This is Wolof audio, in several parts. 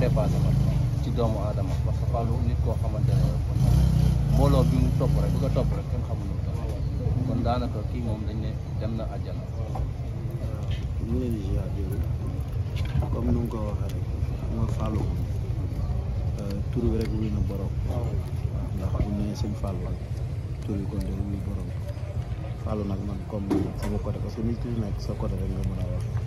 dépassé man ci doomu mau ada que Fallou nit koo xamante ne mbooloo bi mu topp rek bu ko topp rek kenn xamul lu topp kon daanaka kii moom dañ ne dem na àjjana ñu leen di ziar comme nu nga ko waxee rek moo Fallou tur bi rek Kau na borom ndax bu ñu nee sëñ Fallou rek tur bi kon de wuy borom Fallou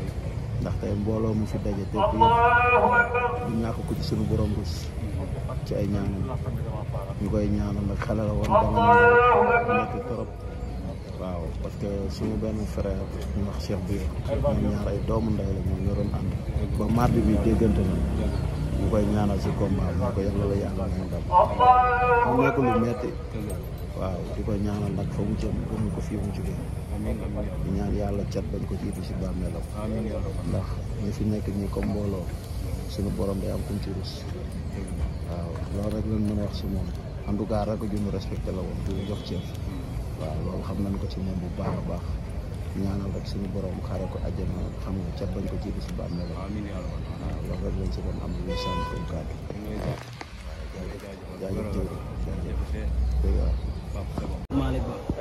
ndax tay mbolo mu fi daje te du ñàkk ko ko ci sunu borom rus ci ay ñaanal ñu koy ñaanal nak xala la woon dama nek torop waaw parce que sunu ben frère ñu wax Cheikh bi ñu ñaar ay doomu ndey la ñu yoroon and ba mardi bi déggante na ñu koy ñaanal ci combat ñu ko yalla la yalla ñu dal ñu nekk lu metti waaw diko ñaanal nak fa mu jëm bu ko fi mu jógee ñaan yàlla cat bañ ko jiitu si bàmmeelam ndax ñu fi nekk ñi ko mbooloo suñu borom day am kum ci rus waaw loolu rek lañ mën a wax si moom en tout cas rek jumu respecté la woon du jox ceeb waaw loolu xam nañ ko ci moom bu baax a baax ñaanal rek suñu borom xaare ko àjjana xam nga cat bañ ko jiitu si bàmmeelam waaw loolu rek lañ si doon am lu sànni comme kàddu jaajëf jaajëf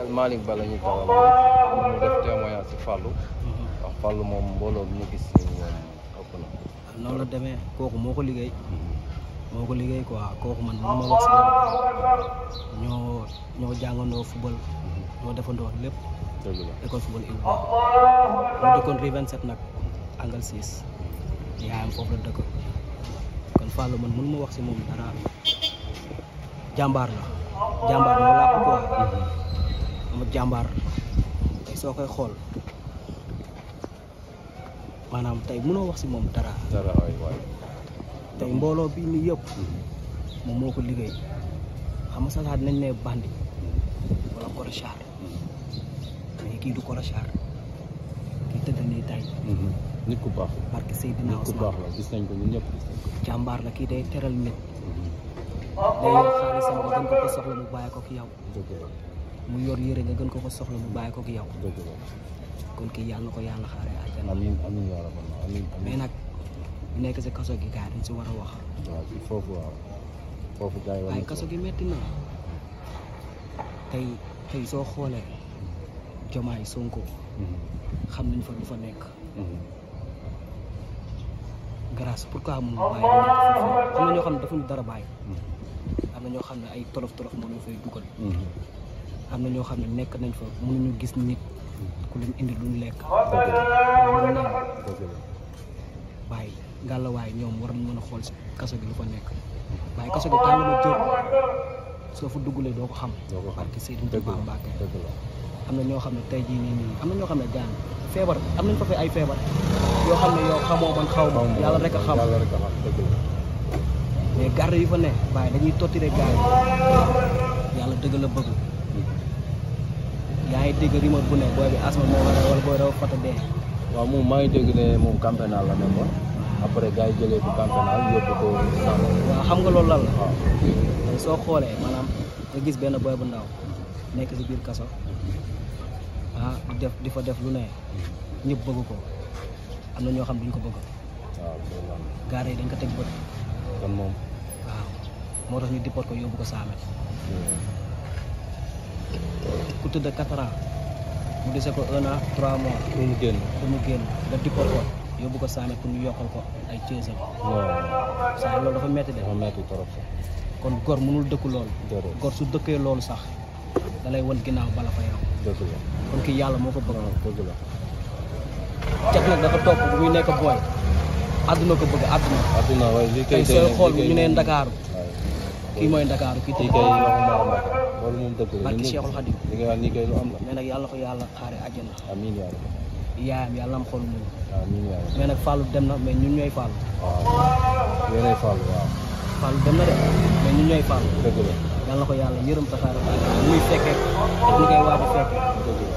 Malick malik la ñuy tawal mu def témoignage si Fallou wax Fallou moom mbooloo bi ñu gis moom ëpp na noonu la demee kooku moo liggéey mhm. moo liggéey quoi kooku man wax ñoo ñoo football mhm. ñoo defandoo lépp école football il ba mu dëkkoon 27 nag angle 6 la dëkk kon Fallou man mënu ma wax si moom dara jambar la jàmbaar moo quoi mhm. mu jàmbaar tey soo koy xool maanaam tey mënoo wax si moom dara. tey mbooloo bi nii yëpp mm-hmm. moom moo ko liggéey xam nga sax nañ ne bandi mm-hmm. wala korochaar mm-hmm. kii du korochaar kii tëdd nii tey. nit ku baax la barke Seydina Ousmane nit ku baax la gis nañ ko ñun ñëpp. jàmbaar kii day teral nit. day xaalisam ba gën ko soxla mu bàyyi ko ki yaw mu yor yére nga gën ko ko soxla mu bàyyi ko ak yow. kon kii yàlla na ko yàlla xaaree àjjana. amiin amiin yaa rabbal mais nag nekk si kaso gi gars yi dañ si war a wax. foofu waaw foofu gars yi waaye kaso gi metti na tey tey soo xoolee jomaay Sonko. Mhm. xam nañ fa du fa nekk. Mhm. grâce pour mun bàyyi am na ñoo xam ne defuñu dara bàyyi. Mhm. am na ñoo xam ne ay tolof tolof moo ñu fay dugal. am na ñoo xam ne nekk nañ fa mënuñu gis nit ku indi lu ñu lekk waaye war nañ mën a xool si kaso gi fa nekk waaye kaso gi tàng na jër doo ko xam parce que Serigne Touba am na ñoo xam ne tey jii nii nii am na ñoo xam ne jaan feebar am nañ fa fi ay feebar yoo xam ne yow xamoo man xaw ma yàlla rek a xam mais garde yi fa ne waaye dañuy tottire gars yi yàlla dëgg la bëgg yaa ngi dégg rumeur bu ne booy bi asma moo waral wala booy raw photo dee. waaw moom maa ngi dégg ne moom campénal la nekkoon après gars yi jëlee ko campénal yóbbu ko waaw xam nga loolu lan soo xoolee maanaam nga gis benn booy bu ndaw nekk si biir kaso ah, def di fa def lu ne ñëpp bëgg ko am na ñoo xam duñ ko bëgg. waaw gaare yi dañ ko teg bët. kon moom. waaw moo tax ñu dippoot ko yóbbu ko Saame. Hmm. ku tëdd quatre mu dese ko un an trois mois. pour mu génn pour mu génn dippal ko yóbbu ko saane pour ñu yokkal ko ay ceesam. waaw sax loolu dafa metti de. dafa kon gor mënul dëkku loolu. gor su dëkkee loolu sax da lay wan ginnaaw bala fa yow. kon kii yàlla moo ko bëgg. dëgg la. cat nag dafa topp bu nekk booy. àdduna ko bëgg àdduna. àdduna waaye li kay sooy xool ñu ne Ndakaaru. kii mooy Ndakaaru kii tey kay loolu moom dëgg la barki Cheikhul Khadim li nga wax nii kay lu am la mais nag yàlla ko yàlla xaare àjjana amiin yàlla yaayam yàlla am xol moom amiin yàlla mais nag Fallou dem na mais ñun ñooy Fallou waaw yéenay Fallou waaw Fallou dem ko yàlla yërëm taxaare muy fekkee ak ñu koy waaj a fekkee dëgg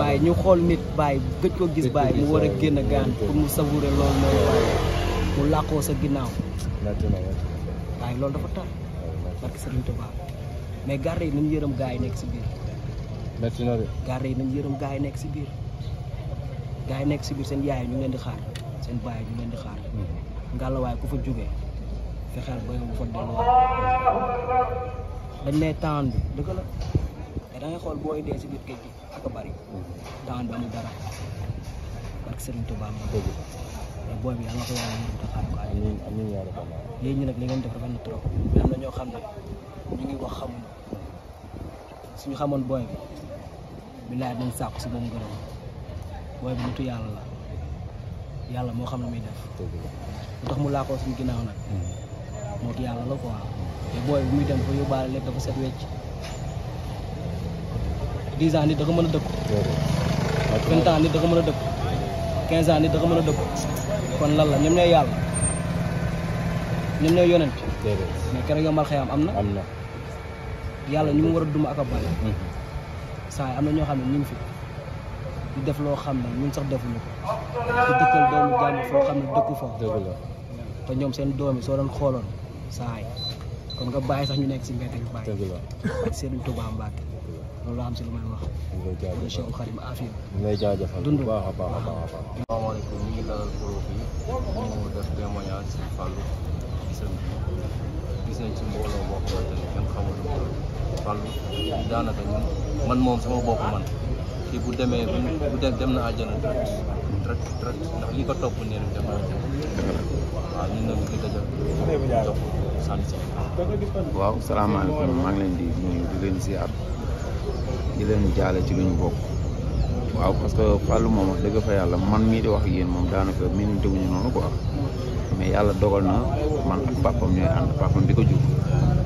la xol xool nit bàyyi gëj ko gis bàyyi mu war a génn gaan pour mu savourer loolu mooy mu làqoo sa ginnaaw waaye loolu dafa tar barke Sëriñ Tuubaa mais garde yi nañ yërëm gars yi nekk si na de garde yi nañ yërëm gars yi nekk si biir gars yi nekk si biir seen yaay ñu leen di xaar seen baay ñu leen di fa jógee fexeel ba fa la booy bi yàlla na ko yàlla yërëm te xaar ko ay yéen ñi nag li ngeen def rafet na trop mais am na ñoo xam ne ñu ngi wax xamuñ suñu xamoon booy bi bilaay dañ sàkku si moom ngërëm booy bi nitu yàlla la yàlla moo xam ne muy def lu tax mu laakoo suñu ginnaaw nag moo ki yàlla la quoi te booy bi muy dem dafa yóbbaale lépp dafa set wecc dix ans nit da ko mën a dëkk vingt ans nit da ko mën a dëkk quinze ans nit da ko mën a dëkk kon lan la ñoom ñooy yàlla ñoom ñooy yonent mais keroog yombal am na am na yàlla ñu mu war a duma ak a bàyyi mhm. am na ñoo xam ne ñu ngi fi di def loo xam ne ñun sax defuñu ko di foo xam ne dëkku fa te ñoom seen doom yi soo doon xooloon saa yi kon nga bàyyi sax ñu nekk si mbedd ñu bàyyi seen Tuubaa Mbàkke loolu la am si lu may wax. ñu ngi lay jaajëfal Cheikh Xarim Afia. ñu ngi lay jaajëfal bu baax a baax a baax a baax. asalaamaaleykum def témoignage si Fallou gisam nañ ci mbooloo moo xamante daanaka ñun man moom sama bopp man kii bu demee bu def dem na àjjana direct direct direct ndax li ko topp nii rek dem na waaw ñun nag maa ngi leen di nuyu di leen ziar di leen jaale ci lu ñu bokk waaw parce que Fallou moom wax dëgg fa yàlla man mii di wax ak yéen moom daanaka miin dëgguñu noonu quoi mais yàlla dogal na man ak papam ñooy ànd papam bi ko jur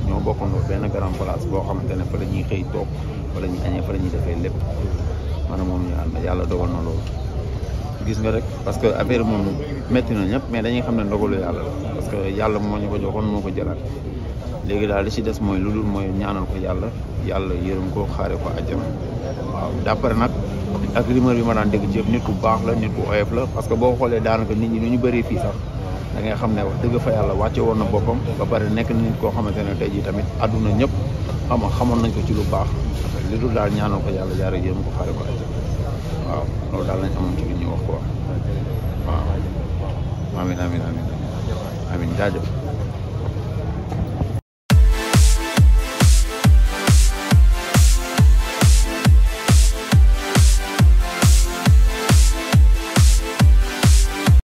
ñoo bokkandoo benn grand place boo xamante ne fa la ñuy xëy toog fa la ñuy añee fa la ñuy defee lépp man moom ñu ànd yàlla dogal na loolu gis nga rek parce que affaire moom métti na ñëpp mais dañuy xam ne ndogalu yàlla la parce que yàlla moo ñu ko joxoon moo ko jëlaat léegi daal li ci des mooy lu dul mooy ñaanal ko yàlla yàlla yërëm ko xaare ko àjjana waaw d'après nag ak rumeur ma daan dégg ci yëpp ku baax la nit ku oyof parce que boo xoolee daanaka nit ñi nu ñu bëree fii sax da xam ne wax fa yàlla wàcce woon na boppam ba pare nekk na koo xamante ne tey jii tamit àdduna ñëpp xam nañ ko ci lu baax li dul daal ñaanal ko yàlla yàlla yërëm ko xaare ko waaw loolu daal lañ xamoon ci li ñuy wax quoi waaw amiin amiin amiin amiin jaajëf